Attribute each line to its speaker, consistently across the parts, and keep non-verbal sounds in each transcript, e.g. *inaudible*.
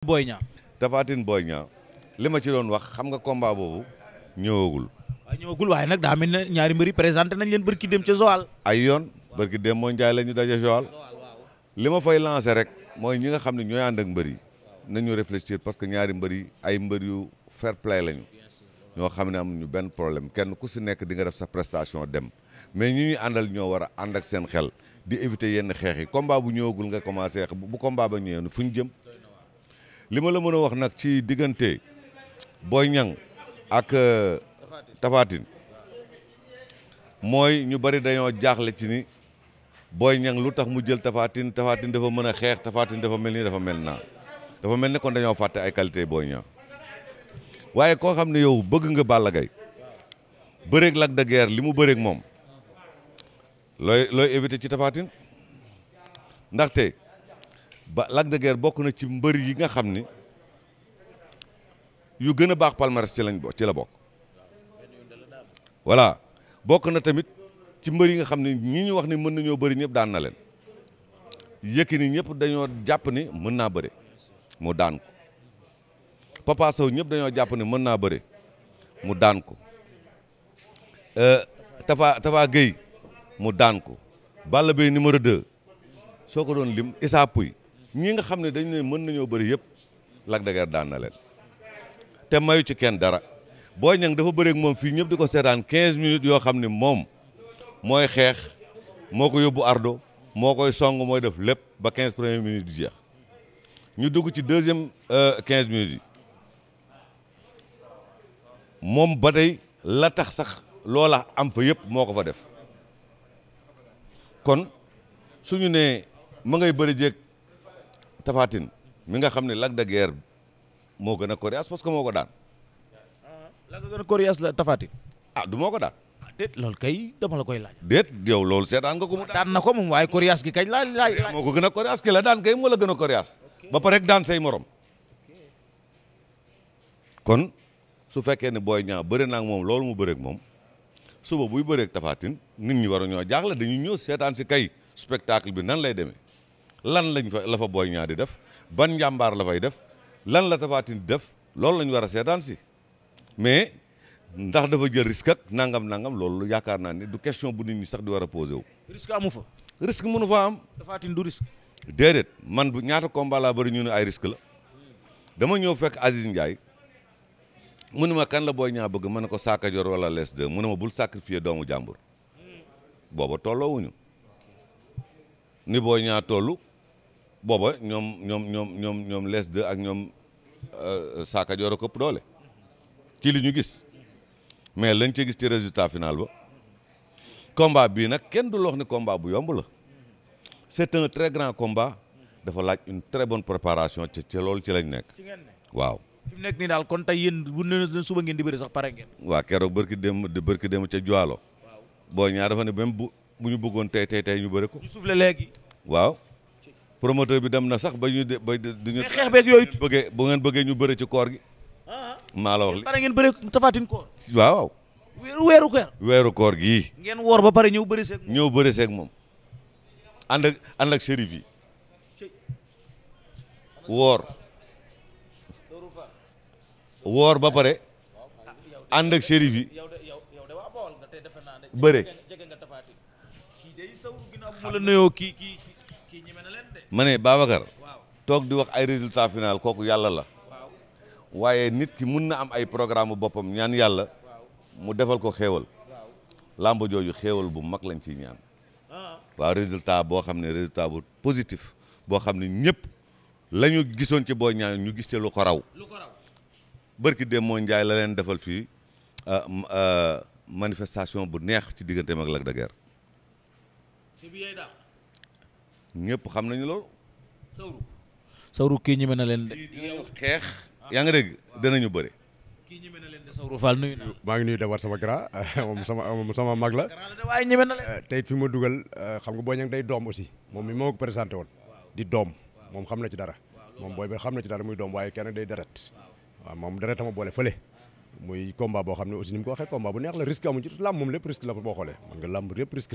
Speaker 1: booy ñaam
Speaker 2: Tapha booy Boy Niang li ma ci doon wax xam nga combat boobu ñëwagul.
Speaker 1: waaw ñëwagul nag daa mel ne ñaari mbër yi présenté nañ leen bërki dem ca Joal.
Speaker 2: ay yoon bërki dem ñu daje Joal li ma fay lancé rek mooy ñi nga xam ne ñooy ànd ak mbër yi nañu réfléchir parce que ñaari mbër yi ay mbër yu fair play lañu ñoo xam ne amuñu benn problème kenn ku si nekk di nga def sa prestation dem mais ñi ñuy àndal ñoo war a ànd ak seen xel di éviter yenn xeex yi combat bu ñëwagul nga commencé bu combat ba ñëwee fu ñu jëm. li ma la mën a wax nag ci diggante booy Niang ak euh, Tapha Tine mooy ñu bari dañoo jaaxle ci ni booy Niang lu tax mu jël Tapha Tine dafa mën a xeex Tapha Tine dafa mel ni dafa mel naa dafa mel ni kon dañoo fàtte ay qualité booy Niang waaye koo xam ne yow bëgg nga Balla Gaye bëreeg Lac de Guiers li mu bëreeg moom looy looy ci Tapha ndaxte ba Lac de Guiers bokk na ci mbër yi nga xam ni yu gën a baax palmarès ci lañ ci la bokk voilà bokk na tamit ci mbër yi nga xam ne ñi ñu wax ni mën nañoo bëri ñëpp daan na leen Yékini ñëpp dañoo jàpp ni mën naa bëri mu daan ko Papa Sow ñëpp dañoo jàpp ni mën naa bëri mu daan ko euh, Tafa Tafa Gueye mu daan ko Balla Beye numéro 2 soo ko doon lim Issa Pouye ñi nga xam ne dañu ne mën nañoo bari yëpp Lac de Guiers daan na leen te mayu ci kenn dara booy Niang dafa bëreek moom fii ñëpp di ko seetaan quinze minutes yoo xam ne moom mooy xeex moo ko yóbbu ardo moo koy song mooy def lépp ba 15 premières minutes di jeex ñu dugg ci deuxième euh, quinze minutes yi moom ba tey la tax sax loola am fa yëpp moo ko fa def kon su ñu ne ma ngay bëri jéeg Tafatine mi nga xam ne Lac de Guiers moo gën a coriace parce que moo ko daan. Ah, Lac a coriace la Tafatine. ah du moo ko daan. Ah, déet loolu kay dama la koy laaj. déet yow loolu seetaan nga ko mu. daan na ko moom waaye coriace gi kañ laaj laaj. moo ko gën a coriace ki la daan kay moo la gën a coriace. ba pare daan say morom. kon su fekkee ne booy ñaa bëri naa moom loolu mu bëreeg moom suba buy bëreeg Tafatine nit ñi war a waruñoo jaaxle dañuy ñëw seetaan si kay spectacle bi nan lay demee. lan lañ fa la fa booy ñaar di def ban njàmbaar la fay def lan la tafaatin di def loolu la ñu war a seetaan si mais ndax dafa jël risque nangam nangam loolu yaakaar naa ne du question bu nit ñi sax di war a posé wu. risque amu fa. risque mënu faa am. tafaatin du risque. déedéet man bu ñaata combat bari bëri ñu ne ay risque la dama ñëw fekk Aziz Ndiaye mu ma kan la booy ñaa bëgg mën ne ko saaka jor wala les deux mu ne ma bul sacrifier doomu jàmbur booba tolloowuñu ni booy ñaa tollu booba ñoom ñoom ñoom ñoom ñoom les deux ak ñoom euh, saaka joor a këpp doole ci li ñu gis mais lañ ci gis ci résultat final ba combat bii nag kenn du loo wax ne combat bu yomb la c'est un très grand comba dafa laaj une très bonne préparation ci ci loolu ci lañ nekk waaw
Speaker 1: nekk nii daal kon tey yéen bu ne suba ngeen di bëri sax pare
Speaker 2: waa keroog bërki dem bërki dem ca Joalo. boo ñaar dafa ne même bu bu ñu buggoon tey tey tey ñu bëri ko. ñu léegi. waaw promoteur bi dem na sax ba ñu de ba duñu xeex beeg yooyu bëggee bu ngeen bëggee ñu bëri ci koor gi ah, maa la wax li pare
Speaker 1: ngeen bëri tafaatin koor waaw waaw
Speaker 2: weeru koor gi ngeen woor ba pare ñëw bëri seeg ñëw bëri seeg moom ànd ak ànd ak shérif yi woor woor ba pare ànd ak shérif yi bëre ma ne Babacar toog di wax ay résultat final kooku yàlla la waaye nit ki mun na am ay programme boppam ñaan yàlla mu defal ko xéewal làmb jooju xéewal bu mag lañ ci ñaan ah. waaw résultat boo xam ne résultat bu positif boo xam ne ñëpp lañu gisoon ci boo ñaan ñu gis te lu ko raw bërki dem moo njaay la leen defal fii ah, ah, manifestation bu neex ci diggante mag Lac de ñépp xam nañu la sawru sawru kii ñeme na leen de.
Speaker 1: xeex. yaa ngi dégg dana bëri. kii ñeme na leen de sawru Fall nuyu naa. maa ngi nuyu d'abord sama grand *laughs* moom sama moom sama mag la. waaye ñeme na leen. Euh, tey fi ma dugal euh, xam nga boo ñëwee day doom aussi moom mi moo ko présenté woon. di doom moom xam na ci dara. moom booy bi xam na ci dara muy doom waaye kenn day deret. waaw moom deret boole fële. muy combat boo xam ne aussi ni mu ko waxee combat bu neex la risque amu ci làmb moom lépp risque la boo xoolee. man nga làmb lépp risque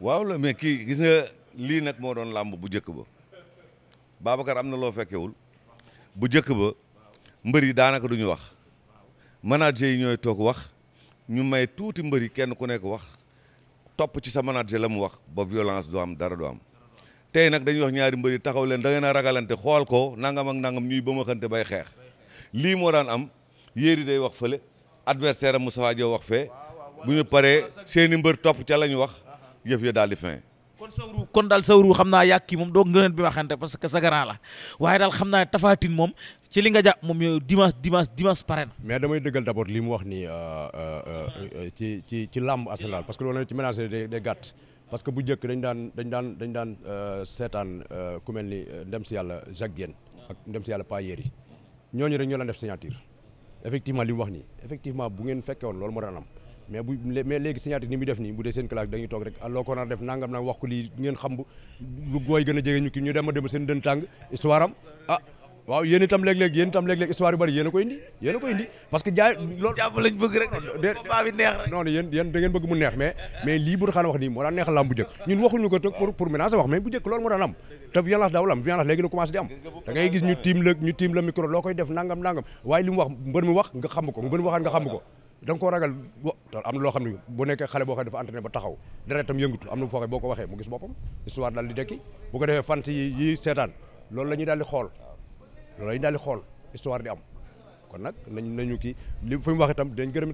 Speaker 1: waaw la mais kii gis na lii
Speaker 2: nag moo doon làmb bu njëkk ba Babacar am na loo fekkewul bu njëkk ba mbër yi daanaka duñu wax manager yi ñooy toog wax ñu may tuuti mbër yi kenn ku nekk wax topp ci sa manager la mu wax ba violence du am dara du tey nag dañuy wax ñaari mbër yi taxaw leen da ragalante xool ko nangam ak nangam ñuy ba ma xante bay xeex lii moo daan am yéeri day wax fële adversaire am Moustapha wax fee bu ñu paree seeni mbër topp ca la ñu wax yëf ya daal di fin kon
Speaker 1: sawru kon daal sawru xam naa yàq kii moom doo ngëneen bi waxante parce que sa grand la waaye daal xam naa tafaatin moom ci li nga jàpp moom yow dimanche dimanche dimanche pare na mais damay dëggal d'abord li mu wax ni euh, euh, euh, ci ci ci làmb asalaal parce que loolu ci ménage des gàtt parce que bu jëkk dañ daan dañ daan dañ daan seetaan ku mel ni ndem si yàlla Jacques gen ak ndem si yàlla Pa ñoo ñu rek ñoo laan def signature effectivement li mu wax nii effectivement bu ngeen fekke woon loolu moo daan mais bu mais léegi signature ni muy def nii bu dee seen classe dañuy toog rek loo ko nar def lu gooy a jege a a ah, a koy indi mu neex mais mais lii bu xana wax nii moo daan neexal lam bu di am da gis ñu tiim la ñu tiim la loo koy def nangam nangam waaye li mu wax nga xam ko mbër mi waxaat nga xam ko da nga koo ragal am na loo xam ne boo nekkee xale boo xam ne dafa entraîné ba taxaw deretam yëngatu am na foo xam boo ko waxee mu gis boppam histoire daal di dekki bu ko defee fant yi seetaan loolu la ñuy daal di xool loolu daal di xool histoire di am kon nag nañ nañu kii li fi wax itam dañ gërëm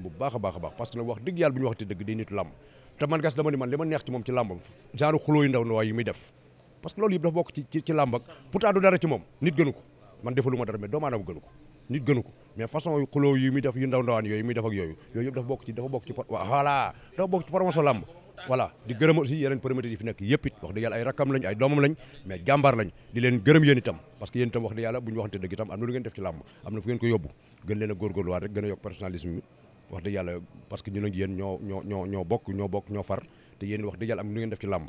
Speaker 1: bu a baax a baax parce que nag wax dëgg yàlla bu ñu waxte dëgg di nitu làmb te man gas dama ni man li ma neex ci moom ci làmbam genre xuloo yu ndaw ndaw muy def parce que loolu yëpp dafa bokk ci ci làmb dara ci moom nit ko nit gënu ko mais façon yu xuloo yi muy def yu ndaw ndawaan yooyu muy def ak yooyu yooyu yëpp dafa bokk ci dafa bokk ci voilà dafa bokk ci promotion làmb di gërëm aussi yeneen promoteurs yi fi itam parce que yéen itam wax dëgg yàlla bu ñu waxante dëgg itam am na lu ngeen def ci làmb am na a góorgóorluwaat rek gën a yokk personnalisme bi parce que ñu nag yéen ñoo ñoo bokk ñoo bokk ñoo far te yéen wax dëgg yàlla am na def ci làmb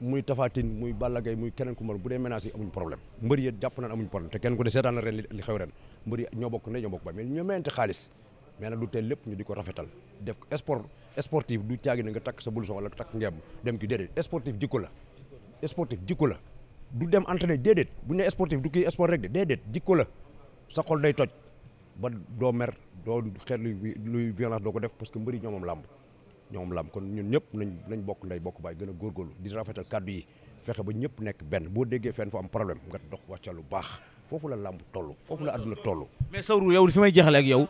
Speaker 1: muy Tapha Tine muy Balla Gaye muy keneen ku mën bu dee menaces yi amuñ problème mbër yi jàpp naan amuñ problème te kenn ku ne seetaan na ren li xew ren mbër yi ñoo bokk ne ñoo bokk ba mais ñoo mayante xaalis mais nag lu tee lépp ñu di ko rafetal def ko sport sportif du caagi na nga takk sa blouson wala takk ngemb dem ki déedéet sportif jikko la sportif jikko la du dem entraîné déedéet bu ñu nee sportif du kii sport rek de déedéet jikko la sa xol day toj ba doo mer doo xeet luy violence doo ko def parce que mbëri ñoo làmb ñoom lam kon ñun ñëpp nañ nañ bokk ndey bokk baay gën a góorgóorlu di rafetal kàddu yi fexe ba ñëpp nekk benn boo déggee fenn fu am problème nga dox wax ca lu baax foofu la làmb toll foofu la àdduna toll. mais Sawru yow fi may jeexale ak yow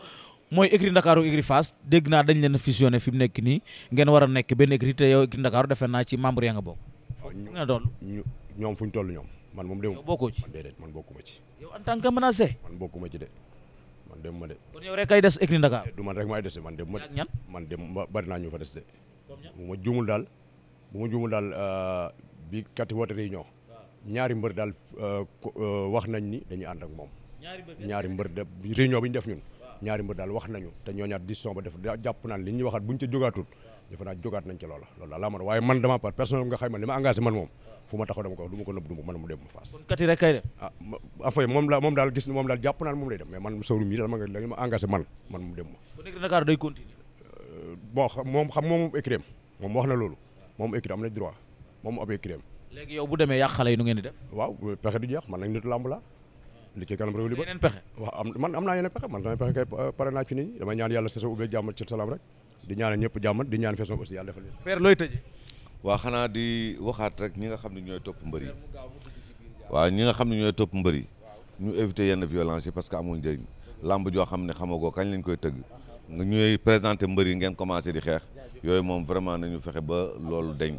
Speaker 1: mooy écurie Ndakaaru écurie Fass dégg naa dañ leen a fusionné fi mu nekk nii ngeen war nekk benn écurie te yow écurie Ndakaaru defe naa ci membre ya nga bokk. nga doon ñoom ñu toll ñoom. man moom déggoo bokkoo ci man déedéet man bokkuma ci. yow en tant que menacé. man bokkuma ci de. man dem ma de. kon yow rek kay des écrit Dakar. Eh, du man rek maay des de man dem ma de. man dem ma bari ñu fa des de. bu ma juumul daal bu ma juumul daal euh, bi kati woote réunion. ñaari mbër daal euh, euh, wax nañ ni dañu ànd ak moom. ñaari mbër de réunion bi ñu def ñun. ñaari mbër daal wax nañu te ñoo ñaar décision ba def jàpp naan li ñuy waxaat bu ñu ca defe naa jógaat nañ ci loola loolu daal laa mën waaye man dama par personnel nga xayma li ma engagé man moom fu ma taxaw dama ko wax du ma ko nëbb du ma man mu dem ma faas kon kat yi rek kay dem ah afay moom la moom daal gis moom daal jàpp naa moom lay dem mais man sawru mi daal ma nga la ma engagé man man mu dem ma ku nekk Dakar day continuer euh, bon moom xam moom écrim moom wax na loolu moom écrim am na droit moom ab écrim léegi yow bu demee yàq xale yi nu ngeen di def waaw pexe du jeex man nag nit làmb la li ci kanam réew li ba yeneen pexe waaw am man am naa yeneen pexe man samay pexe kay pare naa ci nit ñi damay ñaan yàlla sa sa ubbee jàmm ci salaam rek di ñaanal ñëpp jàmm di ñaan Fessox aussi yàlla defal leen. père looy
Speaker 2: tëjee. waa xanaa di waxaat rek ñi nga xam ne ñooy topp mbër waaw ñi nga xam ne ñooy topp mbër yi ñu éviter yenn violence parce que amul njëriñ làmb joo xam ne xamagoo kañ lañ koy tëgg nga ñuy présenté mbër yi ngeen commencé di xeex yooyu moom vraiment nañu fexe ba loolu deñ